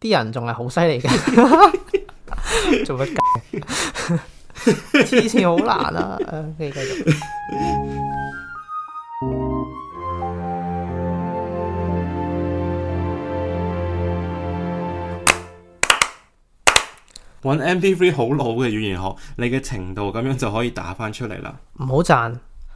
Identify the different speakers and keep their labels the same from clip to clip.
Speaker 1: 啲人仲係好犀利㗎，做乜鬼？黐線好難啊！誒，繼續。
Speaker 2: 揾 MP3 好老嘅語言學，你嘅程度咁樣就可以打返出嚟啦。
Speaker 1: 唔好讚。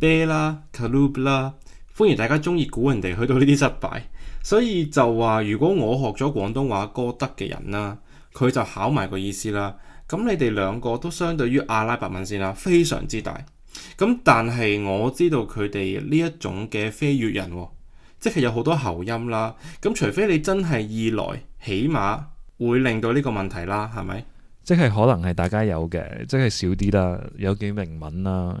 Speaker 2: 啤啦，Kalub 啦，la, Kal la, 歡迎大家中意估人哋去到呢啲失敗，所以就話如果我學咗廣東話歌德嘅人啦，佢就考埋個意思啦。咁你哋兩個都相對於阿拉伯文先啦，非常之大。咁但係我知道佢哋呢一種嘅非粵人，即係有好多喉音啦。咁除非你真係二來，起碼會令到呢個問題啦，係
Speaker 3: 咪？即係可能係大家有嘅，即係少啲啦，有幾明文啦、啊。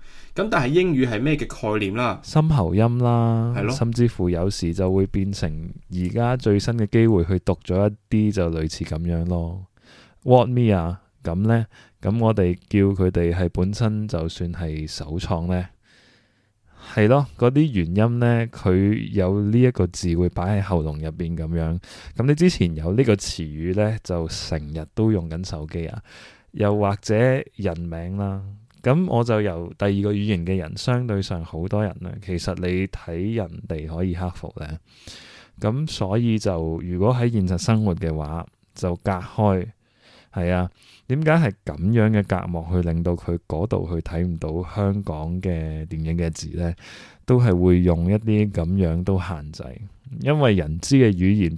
Speaker 2: 咁但係英語係咩嘅概念啦？
Speaker 3: 深喉音啦，係咯，甚至乎有時就會變成而家最新嘅機會去讀咗一啲就類似咁樣咯。What me 啊？咁咧，咁我哋叫佢哋係本身就算係首創咧，係咯？嗰啲原音咧，佢有呢一個字會擺喺喉嚨入邊咁樣。咁你之前有呢個詞語咧，就成日都用緊手機啊，又或者人名啦。咁我就由第二個語言嘅人，相對上好多人咧。其實你睇人哋可以克服咧，咁所以就如果喺現實生活嘅話，就隔開係啊。點解係咁樣嘅隔膜去令到佢嗰度去睇唔到香港嘅電影嘅字咧？都係會用一啲咁樣都限制，因為人知嘅語言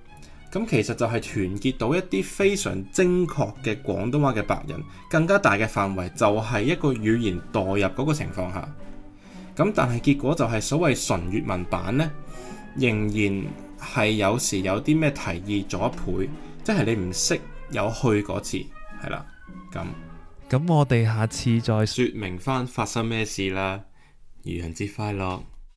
Speaker 2: 咁其實就係團結到一啲非常精確嘅廣東話嘅白人，更加大嘅範圍就係一個語言代入嗰個情況下。咁但係結果就係所謂純粵文版呢，仍然係有時有啲咩提議咗一倍，即係你唔識有去嗰字，係啦。咁
Speaker 3: 咁我哋下次再
Speaker 2: 説明翻發生咩事啦。愚人節快樂！